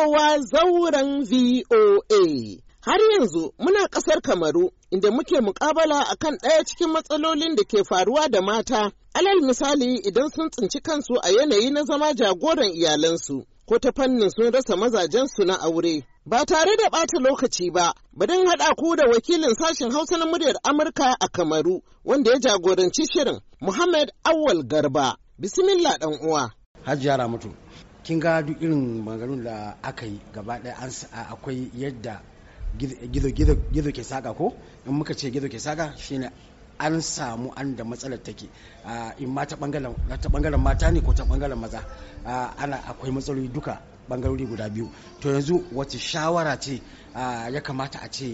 Kowa zauren VOA. Har yanzu muna ƙasar Kamaru inda muke mukabala kan ɗaya cikin matsalolin da ke faruwa da mata. Alal misali idan sun tsinci kansu a yanayi na zama jagoran iyalansu ko ta fannin sun rasa mazajensu na aure. Ba tare da ɓata lokaci ba, badin haɗa ku da wakilin sashen Hausa na muryar Amurka a Kamaru wanda ya jagoranci shirin Muhammad Awal Garba. Bismillah ɗan uwa. Hajiya mutu. kin ga duk irin maganganun da aka yi gaba ɗaya akwai yadda gizo ke saka ko in muka ce gizo ke saka shine an samu an da matsalar take in ma ta bangaren mata ne ko ta bangaren maza ana akwai matsaloli duka bangarori guda biyu to yanzu wace shawara ce ya kamata a ce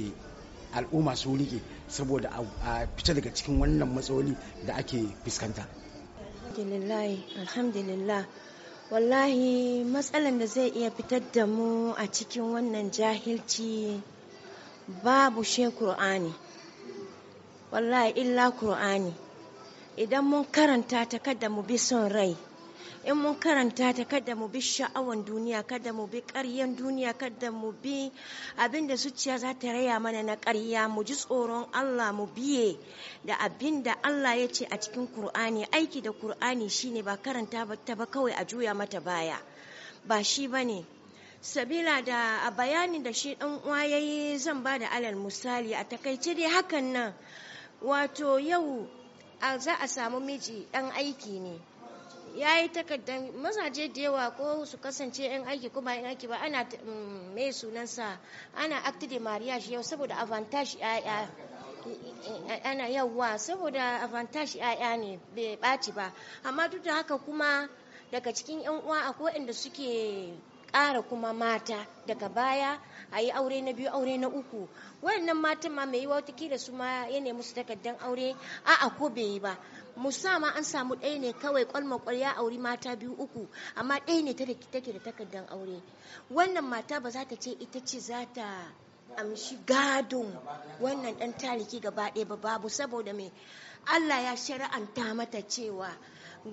al'umma su rike saboda a fita daga cikin wannan matsaloli da ake fuskanta alhamdulillah wallahi matsalan da zai iya fitar da mu a cikin wannan jahilci babu she kur'ani wallahi illa kur'ani idan mun karanta ta kada mu bi son rai in mun karanta ta kada mu bi sha'awan duniya kada mu bi ƙaryan duniya kada mu bi abin da zuciya za ta raya mana na ƙarya mu ji tsoron Allah mu biye da abin da Allah ya ce a cikin Kur'ani aiki da Kur'ani shine ba karanta ta ba kawai a juya mata baya ba shi ba ne. sabila da a bayanin da shi ɗan uwa yayi zan ba da alal misali a takaice dai hakan nan wato yau za a samu miji ɗan aiki ne ya yi takardar mazaje da yawa ko su kasance yan aiki kuma yan aiki ba ana mai mm, sunansa ana acti de shi yau saboda avantage ya'ya ana yawa saboda avantage ya'ya ne bai ɓaci ba amma duk da haka kuma daga cikin yan uwa akwai inda suke ƙara kuma mata daga baya a yi aure na biyu aure na uku wannan matan ma mai wa watakila su ma ya nemi su takardar aure a'a ko bai yi ba musamman an samu ɗaya ne kawai kwalmakwal ya auri mata biyu uku amma ɗaya ne take da takardar aure wannan mata ba za ta ce ita ce za ta amshi gadon wannan ɗan taliki gaba ɗaya ba babu saboda mai allah ya shari'anta mata cewa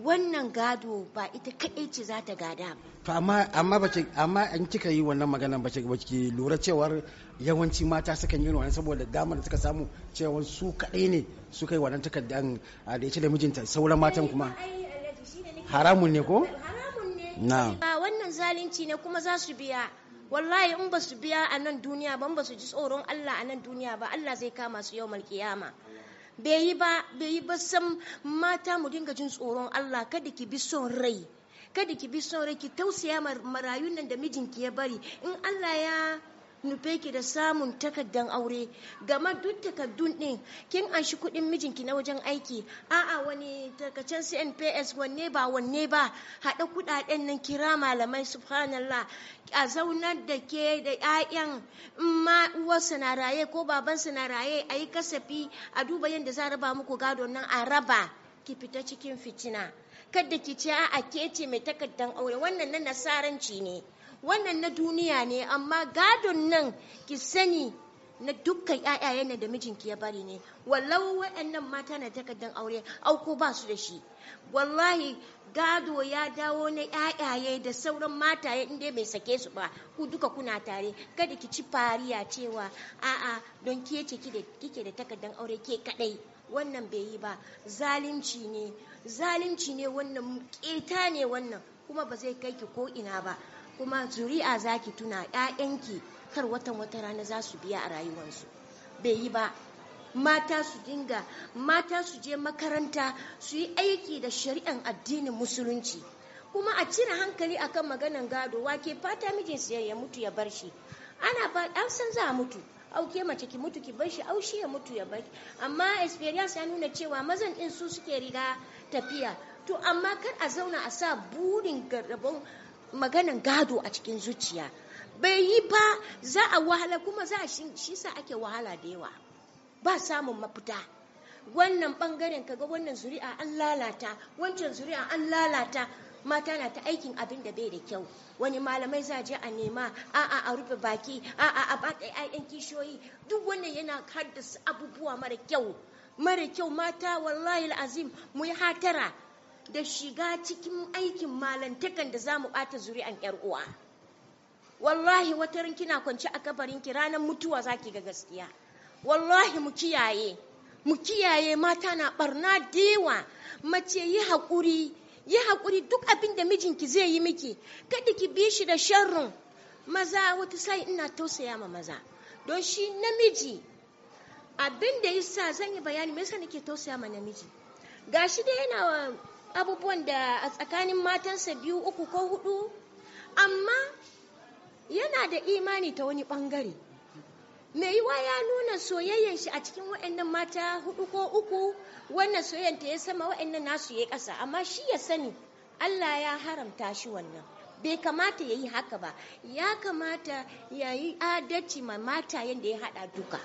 wannan gado ba ita kaɗai ce za ta gada ba. amma ba amma an kika yi wannan magana bace bace lura cewar yawanci mata sukan yi wannan saboda damar da suka samu cewa su kaɗai ne su kai wannan takardan da ya da mijinta sauran matan kuma haramun ne ko ba wannan zalunci ne kuma za su biya wallahi in ba su biya a nan duniya ba ba su ji tsoron Allah a nan duniya ba Allah zai kama su yau kiyama bai yi ba san mata mu dinga jin tsoron Allah kada ki bi son rai kada ki bi son rai ki tausaya marayun nan da mijinki ya bari in Allah ya nufe ki da samun takardar aure gama duk takardun din kin anshi kudin mijinki na wajen aiki a'a wani takacen CNPS wanne ba wanne ba haɗa kuɗaɗen nan kira malamai subhanallah a zaunar da ke da 'ya'yan ma uwarsa na raye ko babansa na raye a yi kasafi a duba yadda za raba muku gado nan a raba ki fita cikin fitina kada ki ce a ke ce mai takardar aure wannan na nasaranci ne wannan na duniya ne amma gadon nan ki sani na dukkan ƴaƴayen da mijinki ya bari ne wallahi waɗannan mata na takardar aure auko ba su da shi wallahi gado ya dawo na ƴaƴaye da sauran mata mataye inda bai sake su ba ku duka kuna tare kada ki ci fariya cewa a'a don ke ce kike da takardar aure ke kadai wannan bai yi ba zalunci ne zalunci ne wannan keta ne wannan kuma ba zai kai ki ko ina ba kuma zuri'a za ki tuna 'ya'yanki kar watan wata rana za su biya a rayuwarsu bai yi ba mata su dinga mata su je makaranta su yi aiki da shari'an addinin musulunci kuma a cire hankali akan maganan gado wake fata mijinsu ya mutu ya bar shi ana ba an san za a mutu auke mace ki mutu ki bar shi aushi ya mutu ya bar amma experience ya nuna cewa mazan din su suke riga tafiya to amma kar a zauna a sa burin rabon maganan gado a cikin zuciya bai yi ba za a wahala kuma za a shi sa ake wahala da yawa ba samun mafita wannan bangaren kaga wannan zuri'a an lalata wancan zuri'a an lalata mata na ta aikin abin da bai da kyau wani malamai za je a nema a'a a rufe baki a'a a bata ayyan kishiyoyi duk wannan yana haddasa abubuwa mara kyau mara kyau mata wallahi azim mu yi hatara da shiga cikin aikin malantakan da za mu ɓata zuri'an 'yar uwa wallahi wata kina kwanci a kabarinki ranar mutuwa za ki ga gaskiya wallahi mu kiyaye mu kiyaye mata na barna dewa mace yi haƙuri yi haƙuri duk abin da mijinki zai yi miki kada ki bi shi da sharrun. maza wata sai ina tausaya ma maza don shi namiji abin da yasa zan yi bayani me yasa nake tausaya ma namiji Ga shi dai yana abubuwan da a tsakanin matansa biyu uku ko hudu amma yana da imani ta wani bangare mai yiwa ya nuna soyayyen shi a cikin waɗannan mata hudu ko uku wannan soyayyen ta ya sama waɗannan nasu ya ƙasa amma shi ya sani Allah ya haramta shi wannan bai kamata ya yi haka ba ya kamata ya yi adalci ma mata yadda ya haɗa duka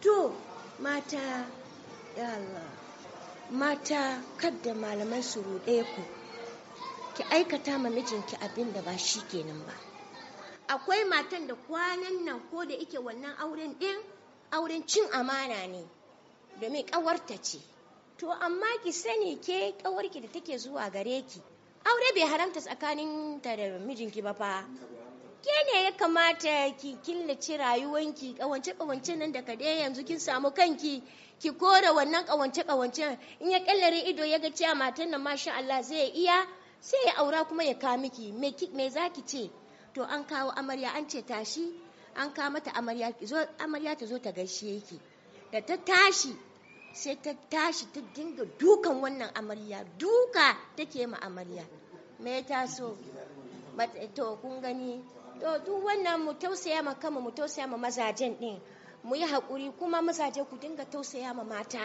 to mata ya Allah mata kadda malaman su ruɗe ku ki aikata ma mijinki abin da ba shi kenan ba akwai matan da kwanan nan ko da ike wannan auren ɗin auren cin amana ne domin ƙawarta ce to amma ki sani ke ƙawarki da take zuwa gare ki aure bai haramta tsakaninta da mijinki ba fa ke ne ya kamata ki killace rayuwanki kawance kawance nan daga dai yanzu kin samu kanki ki kore wannan kawance kawance in ya kallare ido ya ga cewa matan nan masha Allah zai iya sai ya aura kuma ya ka miki me me zaki ce to an kawo amarya an ce tashi an ka mata amarya zo amarya ta zo ta gaishe ki da ta tashi sai ta tashi ta dinga dukan wannan amarya duka take ma amarya me ta so to kun gani to duk wannan mu tausaya ma kanmu mu tausaya ma mazajen din mu yi hakuri kuma mazaje ku dinga tausaya ma mata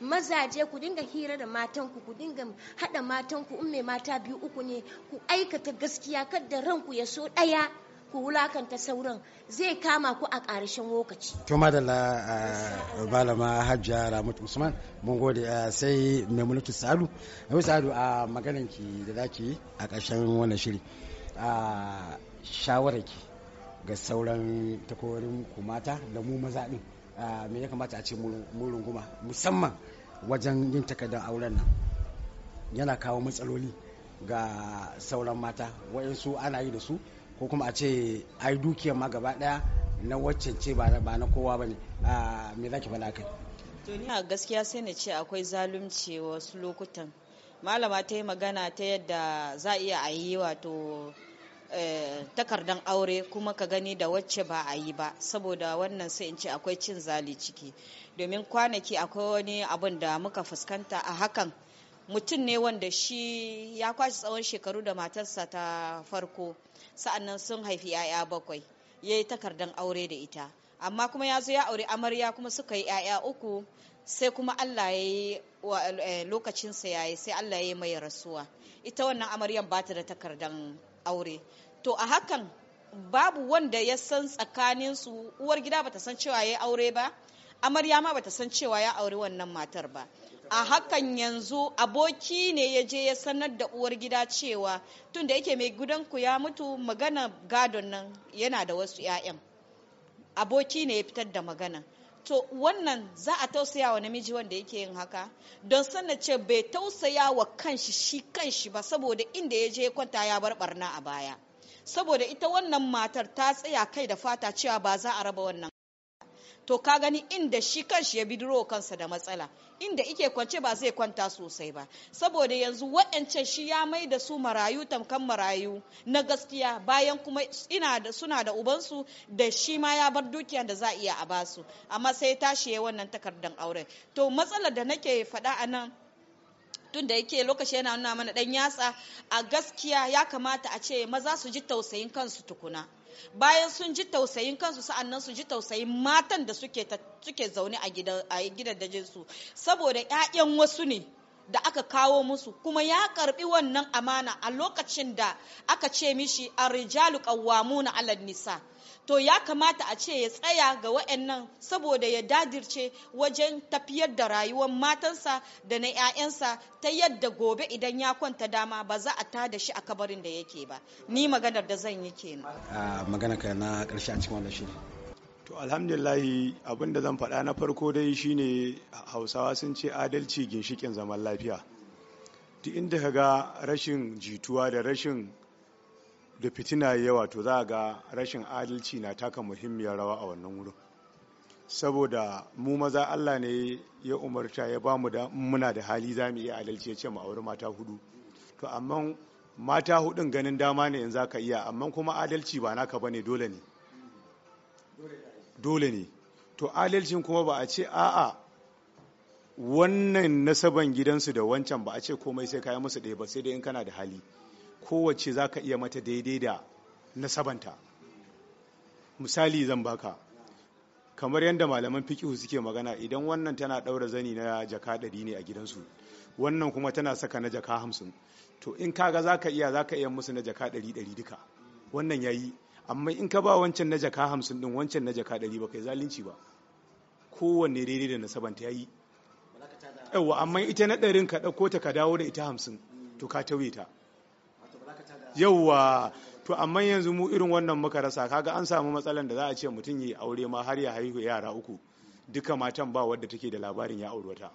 mazaje ku dinga hira da matanku ku dinga haɗa matanku in mai mata biyu uku ne ku aikata gaskiya kada ranku ya so ɗaya ku wulakanta sauran zai kama ku a ƙarshen lokaci. To madalla malama hajja ramatu Usman mun gode sai salu a maganan ki da zaki a ƙarshen wannan shiri. shawarar ki ga sauran takwarorin ku mata da mu maza din ah, me ya kamata a ce mu runguma musamman wajen yin takardar auren nan yana kawo matsaloli ga sauran mata waɗansu ana yi da su ko kuma a ce ai dukiyar ma gaba ɗaya na waccan ce ba na kowa ba ne ah, me za ki faɗa kai to gaskiya sai na ce akwai zalunci wasu lokutan malama ta yi magana ta yadda za a iya a yi wato Eh, takardan aure kuma ka gani da wacce ba a yi ba saboda wannan sai in ce akwai cin zali ciki domin kwanaki akwai wani abun da muka fuskanta a hakan mutum ne wanda shi ya kwashe tsawon shekaru da matarsa ta farko sa'annan sun haifi 'ya'ya bakwai ya yi takardan aure da ita amma kuma ya zo ya aure amarya kuma suka yi 'ya'ya uku sai kuma allah ya yi eh, lokacinsa ya yi sai allah ya yi mai rasuwa ita wannan amaryan ba ta da takardan aure to a hakan babu wanda ya san tsakaninsu su uwar gida bata san cewa ya aure ba amarya ma bata san cewa ya aure wannan matar ba a hakan yanzu aboki ne ya je ya sanar da uwar gida cewa tun da yake mai ku ya mutu magana gadon nan yana da wasu 'ya'yan aboki ne ya fitar da magana to wannan za a tausaya wa namiji wanda yake yin haka don sanna ce bai tausaya wa kanshi shi kanshi ba saboda inda ya je kwanta ya bar barna a baya saboda ita wannan matar ta tsaya kai da fata cewa ba za a raba wannan to ka gani inda shi kanshi ya bidiro kansa da matsala inda ike kwance ba zai kwanta sosai ba saboda yanzu wa'ancan shi ya mai da su marayu tamkan marayu na gaskiya bayan kuma ina da suna da ubansu da shi ma ya bar dukiya da za a iya a basu amma sai tashi ya wannan takardar aure to matsalar da nake faɗa a nan tun da yake lokaci yana nuna mana ɗan yatsa a gaskiya ya kamata a ce maza su ji tausayin kansu tukuna bayan sun ji tausayin kansu sa'annan su ji tausayin matan da suke zaune a gidajen su saboda 'ya'yan wasu ne da aka kawo musu kuma ya karbi wannan amana a lokacin da aka ce mishi a rijalu na 'alan nisa' to ya kamata a ce ya tsaya ga wa'annan saboda ya dadirce wajen tafiyar da rayuwar matansa da na 'ya'yansa ta yadda gobe idan ya kwanta dama ba za a da shi a kabarin da yake ba ni maganar da zan yi kenan magana ka na karshe a cikin wannan to alhamdulillahi abin da zan faɗa na farko dai shine hausawa sun ce adalci ginshikin zaman lafiya duk inda ka ga rashin jituwa da rashin da fitina yawa to za a ga rashin adalci na taka muhimmiyar rawa a wannan wurin saboda mu maza Allah ne ya umarta ya ba mu da muna da hali za mu iya adalci ya ce mu auri mata hudu to amma mata hudun ganin dama ne in za ka iya amma kuma adalci ba naka ba ne dole ne dole ne to adalcin kuma ba a ce a'a wannan nasaban gidansu da wancan ba a ce komai sai kayan musu ɗaya ba sai dai in kana da hali kowace za ka iya mata daidai da nasabanta misali zan baka kamar yadda malaman fikihu suke magana idan wannan tana ɗaura zani na jaka ɗari ne a gidansu wannan kuma tana saka na jaka hamsin to in kaga za ka iya za ka iya musu na jaka ɗari ɗari duka wannan ya yi amma in ka ba wancan na jaka hamsin ɗin wancan na jaka ɗari ba kai zalunci ba kowanne daidai da nasabanta ya yi yawa amma ita na ɗarin ka ɗauko ta ka dawo da ita hamsin to ka tauye ta yauwa to amma yanzu mu irin wannan muka rasa kaga an samu matsalan da za a ce mutum yi aure ma har ya haihu yara uku duka matan ba wadda take da labarin ya aure wata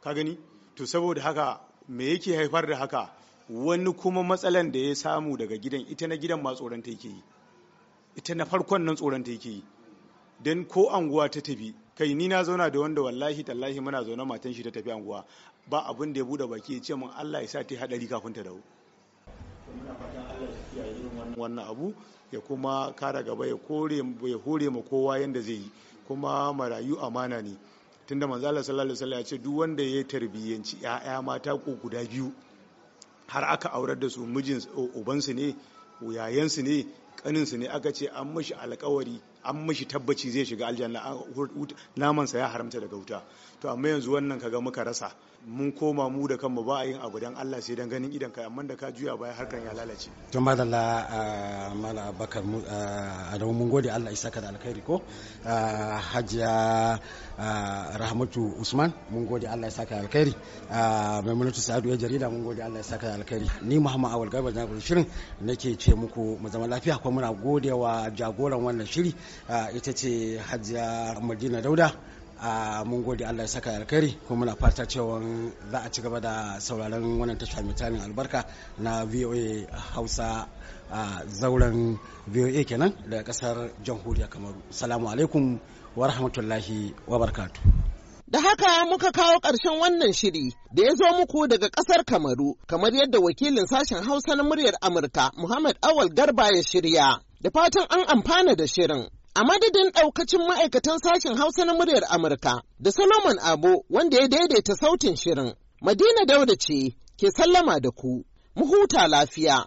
ka gani to saboda haka me yake haifar da haka wani kuma matsalan da ya samu daga gidan ita na gidan ma tsoron ta yake yi ita na farkon nan tsoron ta yake yi don ko anguwa ta tafi kai ni na zauna da wanda wallahi tallahi muna zaune matan shi ta tafi anguwa ba abin da ya bude baki ya ce min Allah ya sa ta hadari kafin ta dawo ya wannan abu ya kuma kara gaba ya kore ya hore ma kowa yanda zai yi kuma marayu amana ne tunda manzo Allah sallallahu alaihi wasallam ya ce duk wanda ya tarbiyanci ƴaƴa mata ko guda biyu har aka aurar da su mijin ubansu ne yayansu ne kaninsu ne aka ce an mishi alkawari an mashi tabbaci zai shiga aljanna namansa ya haramta daga wuta to amma yanzu wannan kaga muka rasa mun koma mu da kanmu ba a yin abu dan Allah sai don ganin idan kai amma da ka juya baya harkar ya lalace to madalla mala bakar mu da mun gode Allah isa ka da alkhairi ko hajiya rahmatu usman mun gode Allah isa ka da alkhairi mai maimunatu sa'adu ya jarida mun gode Allah isa ka da alkhairi ni muhammad awal gaba na shirin nake ce muku mu zama lafiya kuma muna gode wa jagoran wannan shiri ita ce hajiya madina dauda a mun gode Allah ya saka alkhairi kuma muna fata cewa za a ci gaba da sauraron wannan tasha mai albarka na VOA Hausa a zauren VOA kenan da kasar jamhuriyar Kamaru. Salamu alaikum wa rahmatullahi wa barkatu. Da haka muka kawo ƙarshen wannan shiri da ya zo muku daga ƙasar Kamaru kamar yadda wakilin sashen Hausa na muryar Amurka Muhammad Awal Garba ya shirya. Da fatan an amfana da shirin. A madadin ɗaukacin ma'aikatan sashen Hausa na muryar Amurka da Solomon Abo wanda ya daidaita sautin shirin, Madina Dauda ce ke sallama da ku, mu huta lafiya.